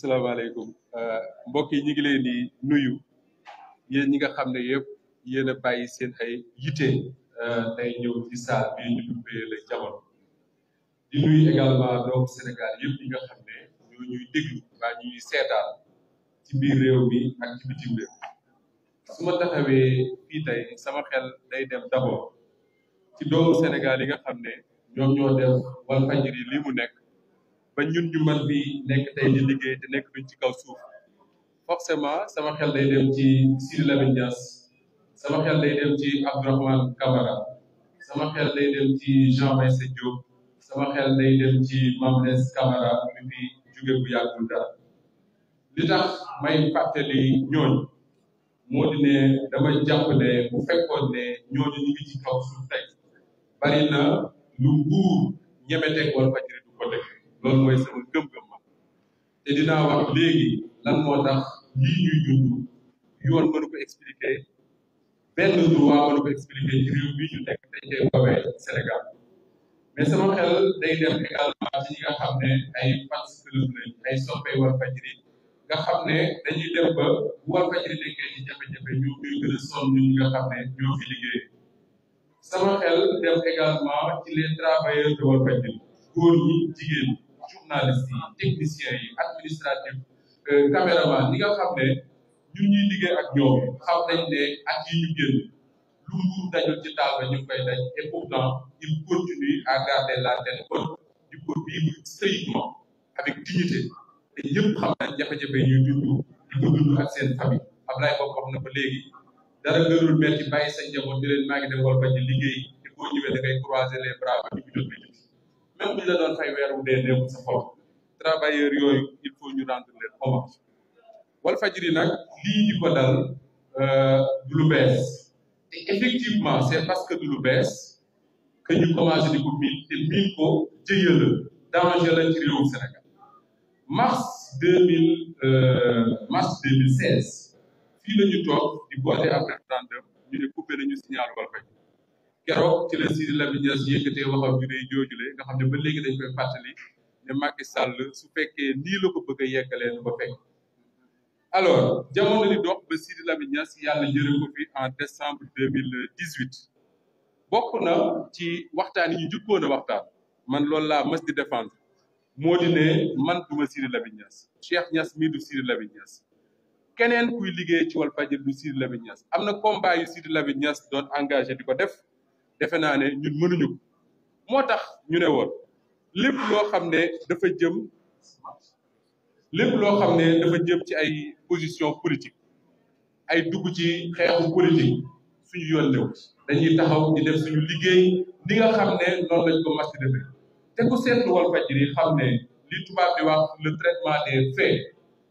salaamaaleykum euh, mbokk yi ñu ngi leen di nuyu yéen ñi nga xam ne yëpp yéen a bàyyi seen ay yitte euh, tey ñëw ci saal bi ñu dubbee ñuy déglu waa ñuy seetaan ci biir réew mi ak ci bitim réew su taxawee fii tey sama xel day dem d'abord ci doomu Sénégal yi nga xam ne ñoom ñoo def Walfadjri li mu nekk. ba ñun ñu man bi nekk tey di liggéey te nekk bi ci kaw suuf forcément sama xel day dem ci Sidi Lamine Niass sama xel day dem ci Abdourahmane Camara sama xel day dem ci Jean Meïssa Diop sama xel day dem ci Mame Less Camara mi jóge bu yàggul dara li tax may fàttali ñooñu moo di ne dama jàpp ne bu fekkoon ne ñooñu ñu ngi ci suuf tey bari na lu nguur ñemeteeg Walfadjri loolu mooy sama gëm-gëm ma te dinaa wax léegi lan moo tax lii ñuy dund yoon mënu ko expliquer benn droit mënu ko expliquer ci réew bii ñu nekk dañ koy woowee Sénégal mais sama xel day dem également ci ñi nga xam ne ay fans club lañ ay soppe Walfadjri nga xam ne dañuy dem ba bu Walfadjri nekkee ci jafe-jafe ñu koy gën a sonn ñi nga xam ne ñoo fi liggéey sama xel dem également ci les travailleurs de Walfadjri góor ñi jigéen ñi journalistes yi techniciens yi administratif euh, caméraman ñi nga xam ne ñun ñuy liggéey ak ñoom xam nañ ne at yi ñu génn lu nguur dajul ci taal ba koy daj et pourtant il continue à la tête haute di ko vivre xam nañ jafe-jafe ñuy dund di ko dund ak seen famille Ablaye na ko léegi dara gërul metti bàyyi sa njaboot di leen maa ngi dem wal ñu liggéey te boo ñëwee da ngay croiser les bras même bu ñu la doon fay weer wu dee nekkul sa xol yooyu il faut ñu rendre leen hommage Walfadjri nag lii di ko dal euh, du lu bees effectivement c'est parce que du lu bees que ñu commencé di ko miin te miin ko jëye la danger la ci mars mars deux euh, la ñu toog di voté après référendum ñu ne coupé nañu signal Walfadjri keroog ci la Sidi Lamine Niass yëkkatee waxam ju dee joojule nga xam ne ba léegi dañ koy fàttali ne Macky Sall su fekkee nii la ko bëgg a yeggalee nu ba fekk. alors jamono di dox ba Sidi Lamine Niass yàlla jëre fi en décembre deux mille dix huit bokk na ci waxtaan yi ñu jukkoon a waxtaan man loolu laa mës di défendre moo di ne man duma Sidi Lamine Niass Cheikh Niass mii du Sidi Lamine Niass keneen kuy liggéey ci Walfadjri du Sidi Lamine Niass am na combat yu Sidi Lamine Niass engagé di ko def. defe naa ne ñun mënuñu moo tax ñu ne woon lépp loo xam ne dafa jëm lépp loo xam ne dafa jëm ci ay position politique ay dugg ci xeexu politique suñu yoon new dañuy taxaw di def suñu liggéey li nga xam ne noonu lañ ko mas defee te ku seetlu Walfadjri xam ne li tubaab bi wax le traitement des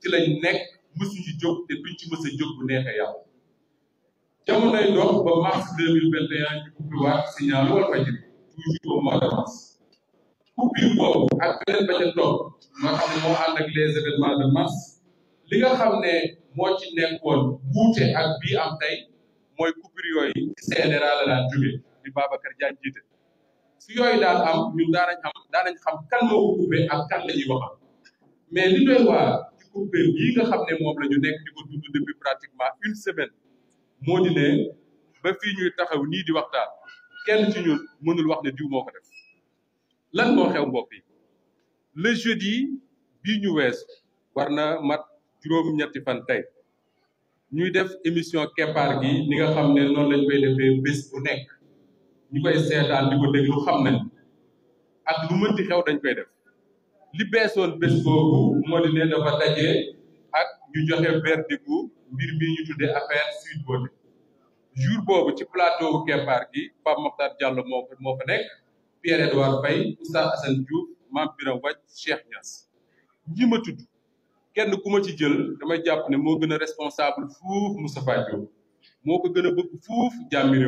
ci lañ nekk mësuñu jóg te duñ ci mës a jóg bu neexee yàlla jamonoy dox ba mars deux mille vingt et un ñu ubbiwaat signal Walfadjri toujours au mois de mars ubbiw boobu ak beneen xam moo ànd ak les événements de mars li nga xam ne moo ci nekkoon wuute ak bii am tey mooy coupure yooyu ci CNRA la daan jóge di Babacar jiite su yooyu daan am ñun daanañ am daanañ xam kan moo ko coupé ak kan la ñuy waxal mais li doy waar ci coupure bii nga xam ne moom la ñu nekk di ko dund depuis pratiquement une semaine moo di ne ba fii ñuy taxaw nii di waxtaan kenn ci ñun mënul wax ne diw moo ko def lan moo xew mbokk yi le jeudi bii ñu wees war na mat juróom-ñetti fan tey ñuy def émission keppaar gi ni nga xam ne noonu lañ koy defee bés bu nekk ñu koy seetaan di ko déglu xam ne ak lu mënti xew dañ koy def li beesoon bés boobu moo di ne dafa dajee ñu joxe verdict gu mbir mi ñu tuddee affaire Sweet Beauté jour boobu ci plateau bu gi Pape Makhtar Diallo moo fa moo fa nekk Pierre Edouard Faye Oustaz Assane Diouf Mame Birame Wathie Cheikh Niass tudd kenn ku ma ci jël dama jàpp ne moo gën a responsable fuuf Moustapha Diop moo ko gën a bëgg fuuf jàmmi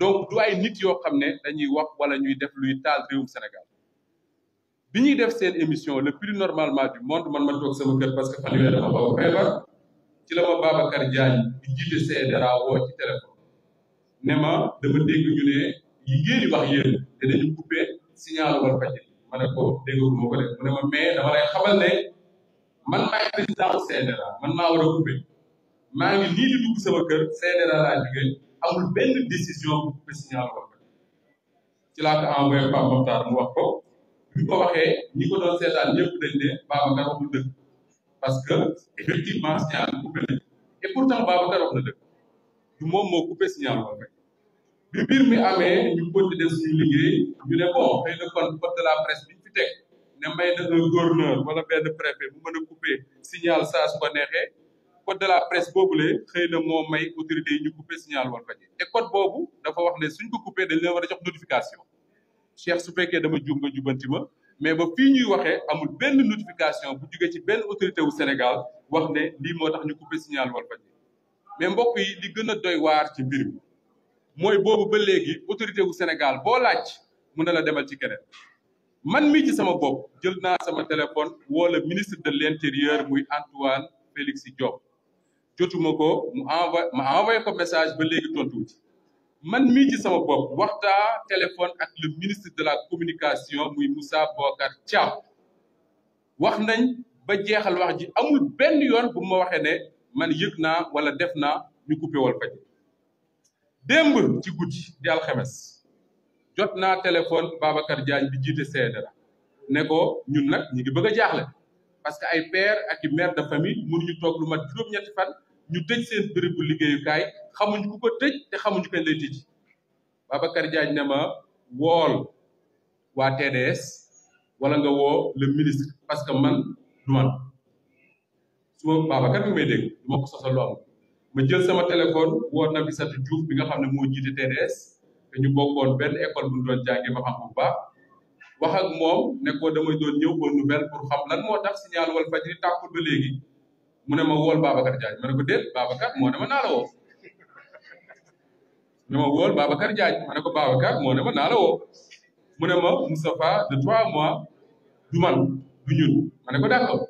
donc du ay nit yoo xam ne dañuy wax walla ñuy def luy taal réewum Sénégal. bi ñuy def seen émission le plus normalement du monde man ma toog sama kër parce que fan yooyu dama xaw a feebar ci la ma Babacar Diagne di jiite CDRA ci téléphone ne ma dama dégg ñu ne yi ngeen di wax te dañu coupé signal wala faj ma ma mais dama lay xamal ne man maay président CDRA man maa war a coupé maa ngi nii di dugg sama kër CDRA laa liggéey amul benn décision bu coupé signal wala faj ci laa ko envoyé Pape Mokhtar mu wax bi ko waxee ñi ko doon seetaan ñëpp dañ ne Babacar waxul dëgg parce que effectivement signal coupé nañ et pourtant Babacar de la presse bi ñu fi teg mu mën a coupé signal saa su neexee code de la presse boobule xëy na moo may autorité yi ñu coupé signal Walfadjri te code boobu dafa wax ne suñ ko coupé dañ leen war a jox notification. Cheikh su fekkee dama jub nga jubanti ma mais ba fii ñuy waxee amul benn notification bu jugee ci benn autorité wu Sénégal wax ne lii moo tax ñu coupé signal Walfadjri mais mbokk yi li gën a doy waar ci mbir mi mooy boobu ba léegi autorité wu Sénégal boo laaj mun na la demal ci keneen man mi ci sama bopp jël naa sama téléphone woo la ministre de l' intérieur muy Antoine Félix Diome jotuma ko mu envoyé ma envoyé ko message ba léegi tontu ci man mi ci sama bopp waxtaan téléphone ak le ministre de la communication muy Moussa Bocar Thiam wax nañ ba jeexal wax ji amul benn yoon bu ma waxee ne man yëg naa wala def na ñu coupé Walfadjri démb ci guddi di alxames jot naa téléphone Babacar Diagne bi jiite CNRA neko ko ñun nag ñu ngi bëgg a jaaxle parce que ay père ak i mère de famille ñu toog lu mat juróom fan. ñu tëj seen bérébu liggéeyukaay xamuñ ku ko tëj te xamuñ kañ lay tëj Babacar Diagne ne ma wool waa TDS wala nga woo le ministre parce que man du man su ma Babacar mi may ma ko sosal lu am ma jël sama téléphone woo Nafissatou Diouf bi nga xam ne moo jiite TDS te ñu bokkoon benn école bu ñu doon jàngee ba xam bu baax wax ak moom ne damay doon ñëw ba nouvelle pour xam lan moo tax signal Walfadjri tàkkul ba léegi. mu ne ma wool Babacar Diagne ma ne ko déet Babacar moo ne ma naa la woo ma wool Babacar Diagne ma ne ko Babacar moo ne ma naa wo woo mu ne ma Moustapha de trois mois du man du ñun ma ko d'accord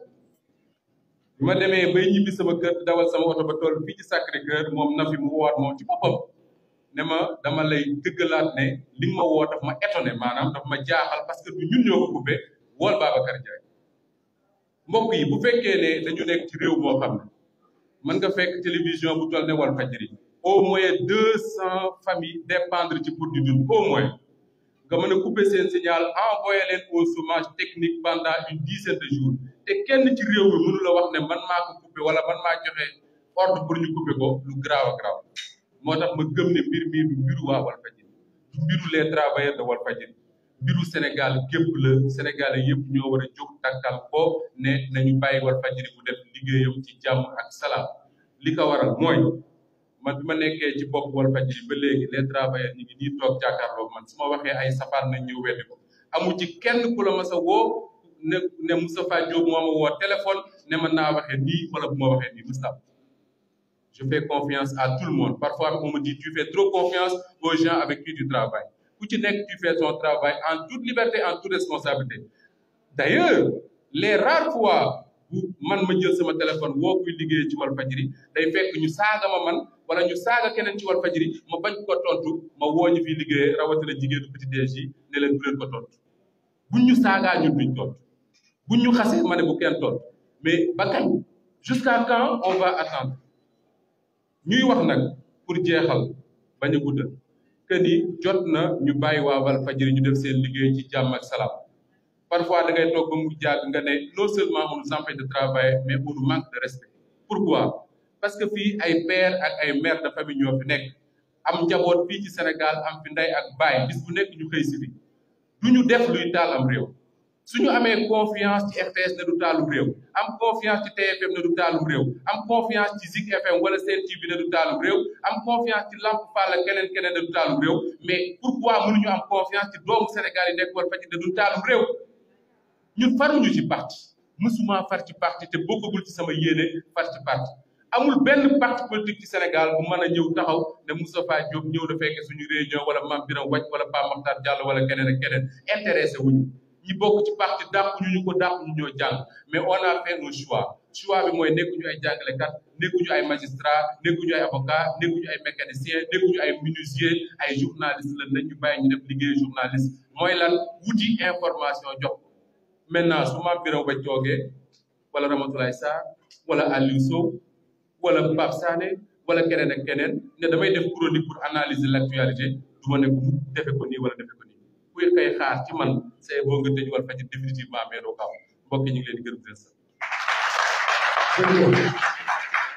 ma demee ba ñibbi sama kër dawal sama oto ba tool fii ci Sacré Cœur moom na fi mu woowaat moom ci boppam ne ma dama lay dëggalaat ne li ma woo daf ma étonné maanaam daf ma jaaxal parce que du ñun ñoo ko coupé wool Babacar Diagne mbokk yi bu fekkee ne dañu nekk ci réew boo xam ne mën nga fekk télévision bu toll ne Walfadjri au moins deux cent familles dépendre ci pour di dund au moins nga mën a couper seen signal envoyé leen au chômage technique pendant une dizaine de jours te kenn ci réew mi mënu la wax ne man maa ko couper wala man maa joxe ordre pour ñu couper ko lu grave a grave moo tax ma gëm ne mbir mii du mbiru waa Walfadjri du mbiru les travailleurs de Walfadjri biru Sénégal gépp la Sénégal yëpp ñoo war a jóg tàkkal ko ne nañu bàyyi Walfadjri bu def liggéeyam ci jàmm ak salaam li ko waral mooy bi ma nekkee ci bopp Walfadjri ba léegi les travailleurs ñu ngi nii toog jàkkaarloo man su ma waxee ay safaan nañ ñëw weddi ko amul ci kenn ku la mas a woo ne ne téléphone ne man naa waxee ni wala bu ma waxee nii je fais confiance à tout le monde parfois on me dit fais trop confiance aux gens avec qui tu ku ci nekk tu fais ton travail en toute liberté en toute responsabilité d'ailleurs les rares fois man ma jël sama téléphone woo kuy liggéey ci Walfadjri day fekk ñu saaga ma man wala ñu saaga keneen ci Walfadjri ma bañ ko tontu ma woo ñu fiy liggéey rawatina jigéenu petit déj yi ne leen bu leen ko tontu buñ ñu saagaa ñun duñ tontu buñ ñu xasee bu kenn tontu mais ba kañ jusqu'à quand on va attendre ñuy wax nag pour jeexal bañ a que jot na ñu bàyyi waa Walfadjri ñu def seen liggéey ci jàmm ak salaam parfois da ngay toog ba mu jàgg nga ne non seulement on nous empêche de travailler mais on nous manque de respect pourquoi parce que fii ay père ak ay mère de famille ñoo fi nekk am njaboot fii ci Sénégal am fi ak baay bis bu nekk ñu xëy si du ñu def luy taal am réew suñu amee confiance ci RTS ne du taalum réew am confiance ci TFM ne du taalum réew am confiance ci Zik FM wala Sen TV am confiance ci Lamp Fall ak keneen keneen ne du réew mais pourquoi mënuñu am confiance ci doomu Sénégal yi nekk war fa ci ne du taalum réew ñun faruñu ci parti mësuma far ci parti te bokkagul ci sama yéene far ci parti amul benn parti politique ci Sénégal bu mën a ñëw taxaw ne Moustapha Diop ñëw na fekke suñu réunion wala Mame Birame Wathie wala Pape Makhtar Diallo wala keneen ak keneen ñi bokk ci parti dàqu ñu ñu ko dàqu ñu ñoo jàng mais on a fait nos choix choix bi mooy nekkuñu ay jàngalekat nekkuñu ay magistrat nekkuñu ay avocat nekkuñu ay mécanicien nekkuñu ay menuisier ay journaliste la nañu bàyyi ñu def liggéey journaliste mooy lan wuti information jox maintenant su ma Birame ba joogee wala Ramatoulaye Sarr wala Aliou Sow wala Pape Sané wala keneen ak keneen ne damay def chronique pour analise l' actualité du ma ne ko defee ko nii wala defee ko kuy koy xaar ci man say boo nga tëj Walfadjri définitivement mais doo ko am mbokk yi ñu ngi leen